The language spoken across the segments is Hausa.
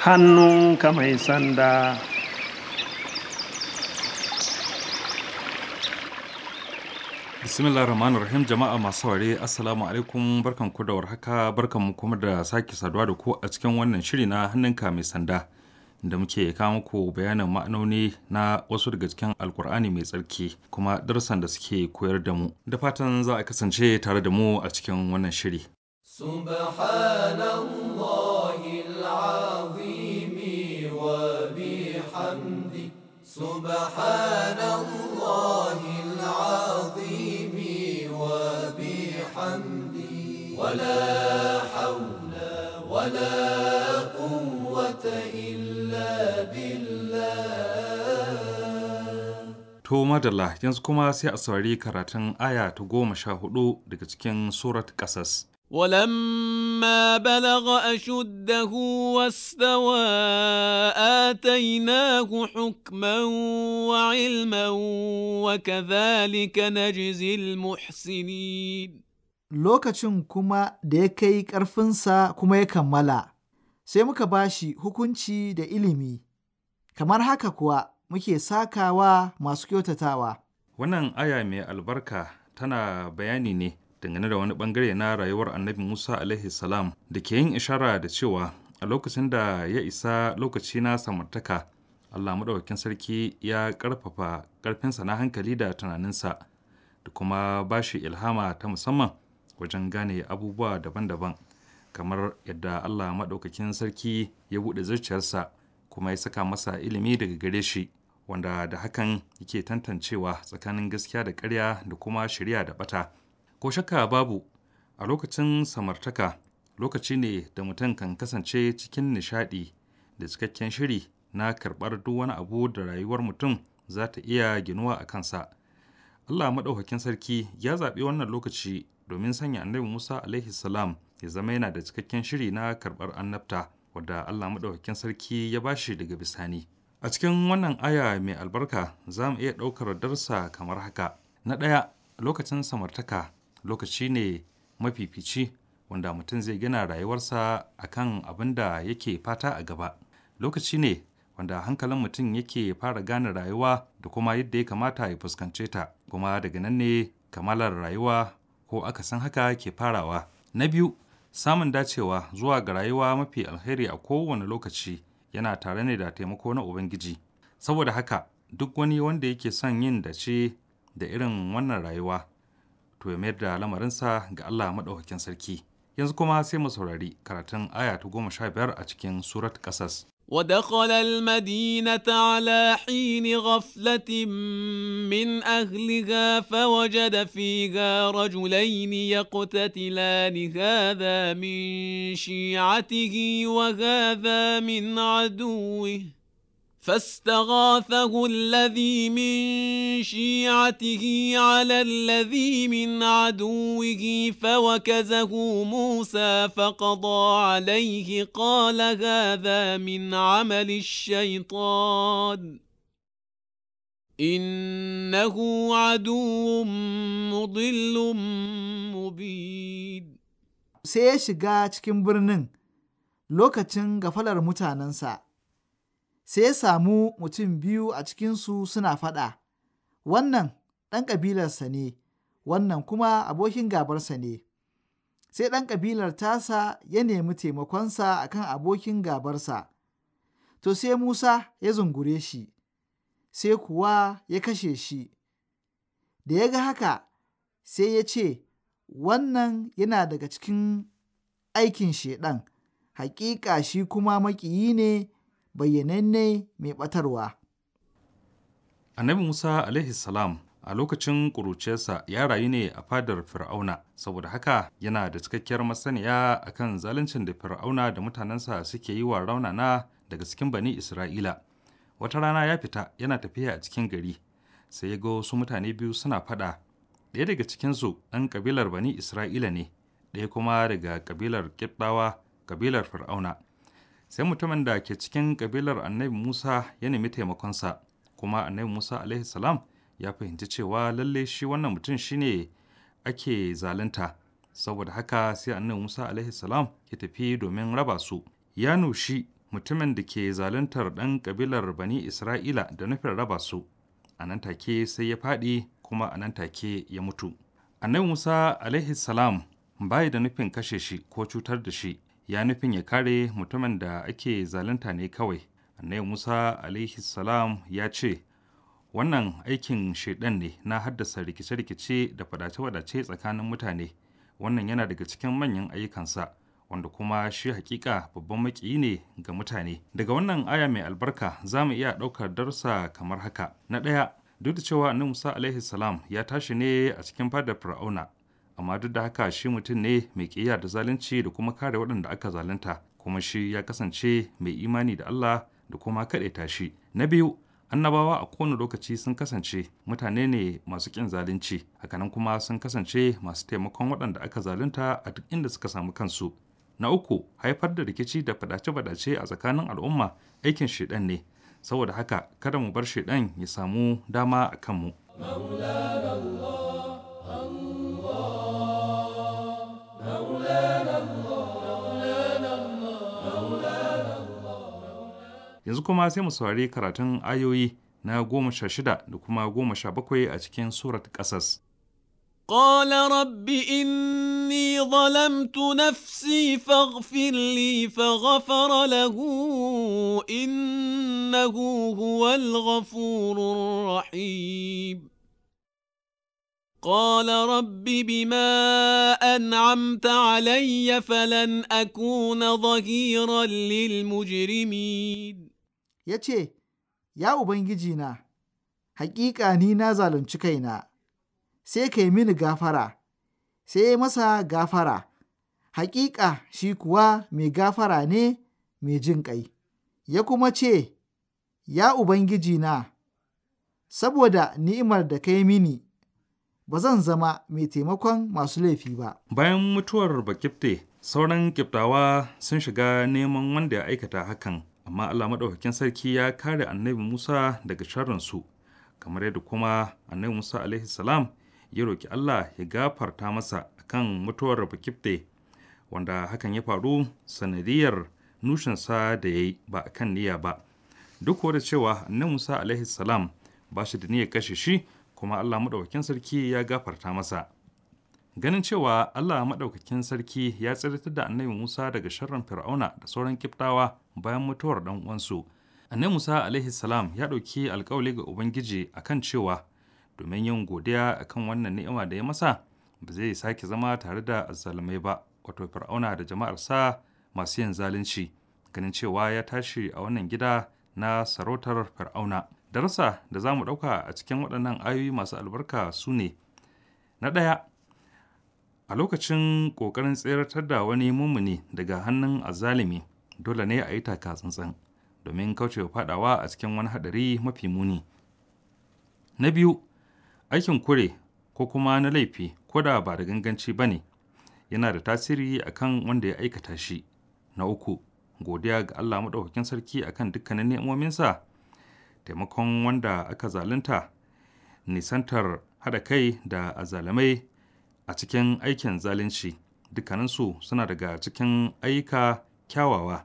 hannunka mai sanda bismillah rahman rahim jama'a masu ware assalamu alaikum barkan ku da warhaka barkan mu kuma da sake saduwa da ku a cikin wannan shiri na hannunka mai sanda da muke kawo muku bayanin ma'anoni na wasu daga cikin alkur'ani mai tsarki kuma darasan da suke koyar da mu da fatan za a kasance tare da mu a cikin wannan shiri subhanallah سبحان الله العظيم وبحمده ولا حول ولا قوة إلا بالله To madalla yanzu kuma sai a saurari karatun aya ta goma sha hudu daga cikin surat ƙasas. ولما بلغ أشده واستوى آتيناه حكما وعلما وكذلك نجزي المحسنين lokacin kuma da ya kai ƙarfinsa kuma ya kammala, sai muka bashi hukunci da ilimi, kamar haka kuwa muke sakawa masu kyautatawa. Wannan aya mai albarka tana bayani ne dangane da wani bangare na rayuwar annabi musa alaihi salam da ke yin ishara da cewa a lokacin da ya isa lokaci na samartaka allah maɗaukakin sarki ya ƙarfafa ƙarfinsa na hankali da tunaninsa da kuma ba shi ilhama ta musamman wajen gane abubuwa daban-daban kamar yadda allah maɗaukakin sarki ya buɗe zuciyarsa kuma ya saka masa ilimi daga gare shi wanda da hakan yake tantancewa tsakanin gaskiya da ƙarya da kuma shirya da ɓata Ko shakka babu a lokacin samartaka lokaci ne da mutum kan kasance cikin nishaɗi da cikakken shiri na karɓar duk wani abu da rayuwar mutum za ta iya ginuwa a kansa. Allah Maɗaukakin Sarki ya zaɓi wannan lokaci domin sanya Annabi Musa alaihi salam ya zama yana da cikakken shiri na karɓar annabta wadda Allah Maɗaukakin Sarki ya bashi daga bisani. A cikin wannan aya mai albarka za mu iya ɗaukar darsa kamar haka. Na ɗaya lokacin samartaka lokaci ne mafi mafifici wanda mutum zai gina rayuwarsa a kan abin da yake fata a gaba lokaci ne wanda hankalin mutum yake fara gane rayuwa da kuma yadda ya kamata ya fuskance ta kuma daga nan ne kamalar rayuwa ko aka san haka ke farawa na biyu samun dacewa zuwa ga rayuwa mafi alheri a kowane lokaci yana tare ne da taimako na ubangiji saboda haka duk wani wanda yake son yin dace da irin wannan rayuwa to ya mayar da lamarinsa ga Allah maɗaukakin sarki. Yanzu kuma sai mu saurari karatun aya ta goma sha biyar a cikin surat ƙasas. ودخل المدينة على حين غفلة من أهلها فوجد فيها رجلين يقتتلان هذا من شيعته وهذا من عدوه فاستغاثه الذي من شيعته على الذي من عدوه فوكزه موسى فقضى عليه قال هذا من عمل الشيطان إنه عدو مضل مبيد سيش ya كمبرنن cikin غفلر lokacin sai ya samu mutum biyu a cikinsu suna faɗa, wannan ɗan ƙabilarsa ne, wannan kuma abokin gabarsa ne. Sai ɗan ƙabilar tasa ya nemi taimakonsa a kan abokin gabarsa, to sai Musa ya zungure shi, sai kuwa ya kashe shi. Da ya ga haka sai ya ce, wannan yana daga cikin aikin shaiɗan, hakika shi kuma maƙiyi ne bayyananne mai ɓatarwa. Annabi Musa alaihi salam a lokacin ƙuruciyarsa ya rayu ne a fadar Fir'auna, saboda haka yana da cikakkiyar masaniya akan zaluncin da Fir'auna da mutanensa suke yi wa raunana daga cikin bani Isra'ila. Wata rana ya fita yana tafiya a cikin gari, sai ya ga wasu mutane biyu suna faɗa. Ɗaya daga cikinsu ɗan kabilar bani Isra'ila ne, ɗaya kuma daga kabilar Kibɗawa, ƙabilar Fir'auna. sai mutumin da ke cikin kabilar annabi musa ya nemi taimakonsa kuma annabi musa alaihi salam ya fahimci cewa lalle shi wannan mutum shine ake zalunta saboda haka sai annabi musa alaihi salam ya tafi domin raba su ya nushi mutumin da ke zaluntar ɗan kabilar bani isra'ila da nufin raba su a nan take sai ya faɗi kuma a nan take ya mutu annabi musa alaihi salam bai da nufin kashe shi ko cutar da shi ya nufin ya kare mutumin da ake zalunta ne kawai annabi musa alaihi salam ya ce wannan aikin shaidan ne na haddasa rikice-rikice da fadace-fadace tsakanin mutane wannan yana daga cikin manyan ayyukansa wanda kuma shi hakika babban makiyi ne ga mutane daga wannan aya mai albarka za mu iya ɗaukar darsa kamar haka na ɗaya duk da cewa annabi musa alaihi salam ya tashi ne a cikin fadar fir'auna amma duk da haka shi mutum ne mai ƙiyya da zalunci da kuma kare waɗanda aka zalunta kuma shi ya kasance mai imani da Allah da kuma kaɗaita shi na biyu annabawa a kowane lokaci sun kasance mutane ne masu ƙin zalunci hakanan kuma sun kasance masu taimakon waɗanda aka zalunta a duk inda suka samu kansu na uku haifar da rikici da fadace-fadace a tsakanin al'umma aikin shaidan ne saboda haka kada mu bar shaidan ya samu dama a kanmu yanzu kuma sai mu saurari karatun ayoyi na goma sha shida da kuma goma sha bakwai a cikin surat ƙasas. قال رب إني ظلمت نفسي فاغفر لي فغفر له إنه هو الغفور الرحيم قال رب بما أنعمت علي فلن أكون ظهيرا للمجرمين ya ce, Ya Ubangijina, haƙiƙa ni na zalunci kaina, sai ka yi mini gafara, sai ya masa gafara, haƙiƙa shi kuwa mai gafara ne mai jin ƙai. Ya kuma ce, Ya Ubangijina, saboda ni'imar da ka yi mini, ba zan zama mai taimakon masu laifi ba. Bayan mutuwar Bakifte, sauran Kiftawa sun shiga neman wanda ya aikata hakan. amma Allah maɗaukakin sarki ya kare annabi Musa daga sharransu kamar yadda kuma annabi Musa alaihi salam ya roki Allah ya gafarta masa akan mutuwar Bakifte wanda hakan ya faru sanadiyar nushinsa da ya yi ba a kan niyya ba duk da cewa annabi Musa alaihi salam ba shi da niyyar kashe shi kuma Allah maɗaukakin sarki ya gafarta masa ganin cewa Allah maɗaukakin sarki ya tsiratar da annabi Musa daga sharran Fir'auna da sauran Kiftawa bayan mutuwar ɗan uwansu. Annabi Musa alaihi salam ya ɗauki alƙawali ga Ubangiji akan cewa domin yin godiya akan wannan ni'ima da ya masa ba zai sake zama tare da azzalumai ba wato Fir'auna da jama'ar sa masu yin zalunci ganin cewa ya tashi a wannan gida na sarautar Fir'auna. Darasa da za mu ɗauka a cikin waɗannan ayoyi masu albarka su ne na ɗaya A lokacin ƙoƙarin tseratar da wani mumuni daga hannun azalimi, dole ne a yi taka tsantsan domin kaucewa fadawa a cikin wani haɗari mafi muni. Na biyu, aikin kure ko kuma na laifi ko da ba da ganganci ba ne, yana da tasiri a kan wanda ya aikata shi. Na uku, godiya ga Allah Maɗaukakin Sarki a kan dukkanin ni'imominsa, taimakon wanda aka zalunta, nisantar haɗa kai da azalamai. a cikin aikin zalunci dukkaninsu suna daga cikin ayyuka kyawawa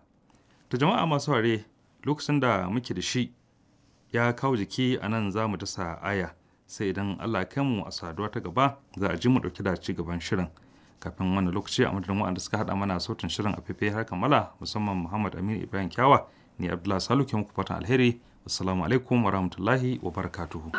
ta jama'a masu ware lokacin da muke da shi ya kawo jiki a nan za mu dasa aya sai idan allah kai mu a saduwa ta gaba za a ji mu dauki da ci gaban shirin kafin wani lokaci a madadin waɗanda suka haɗa mana sautin shirin a fefe har kammala musamman muhammad aminu ibrahim kyawa ni abdullahi salu ke muku fatan alheri assalamu alaikum wa rahmatullahi wa barakatuhu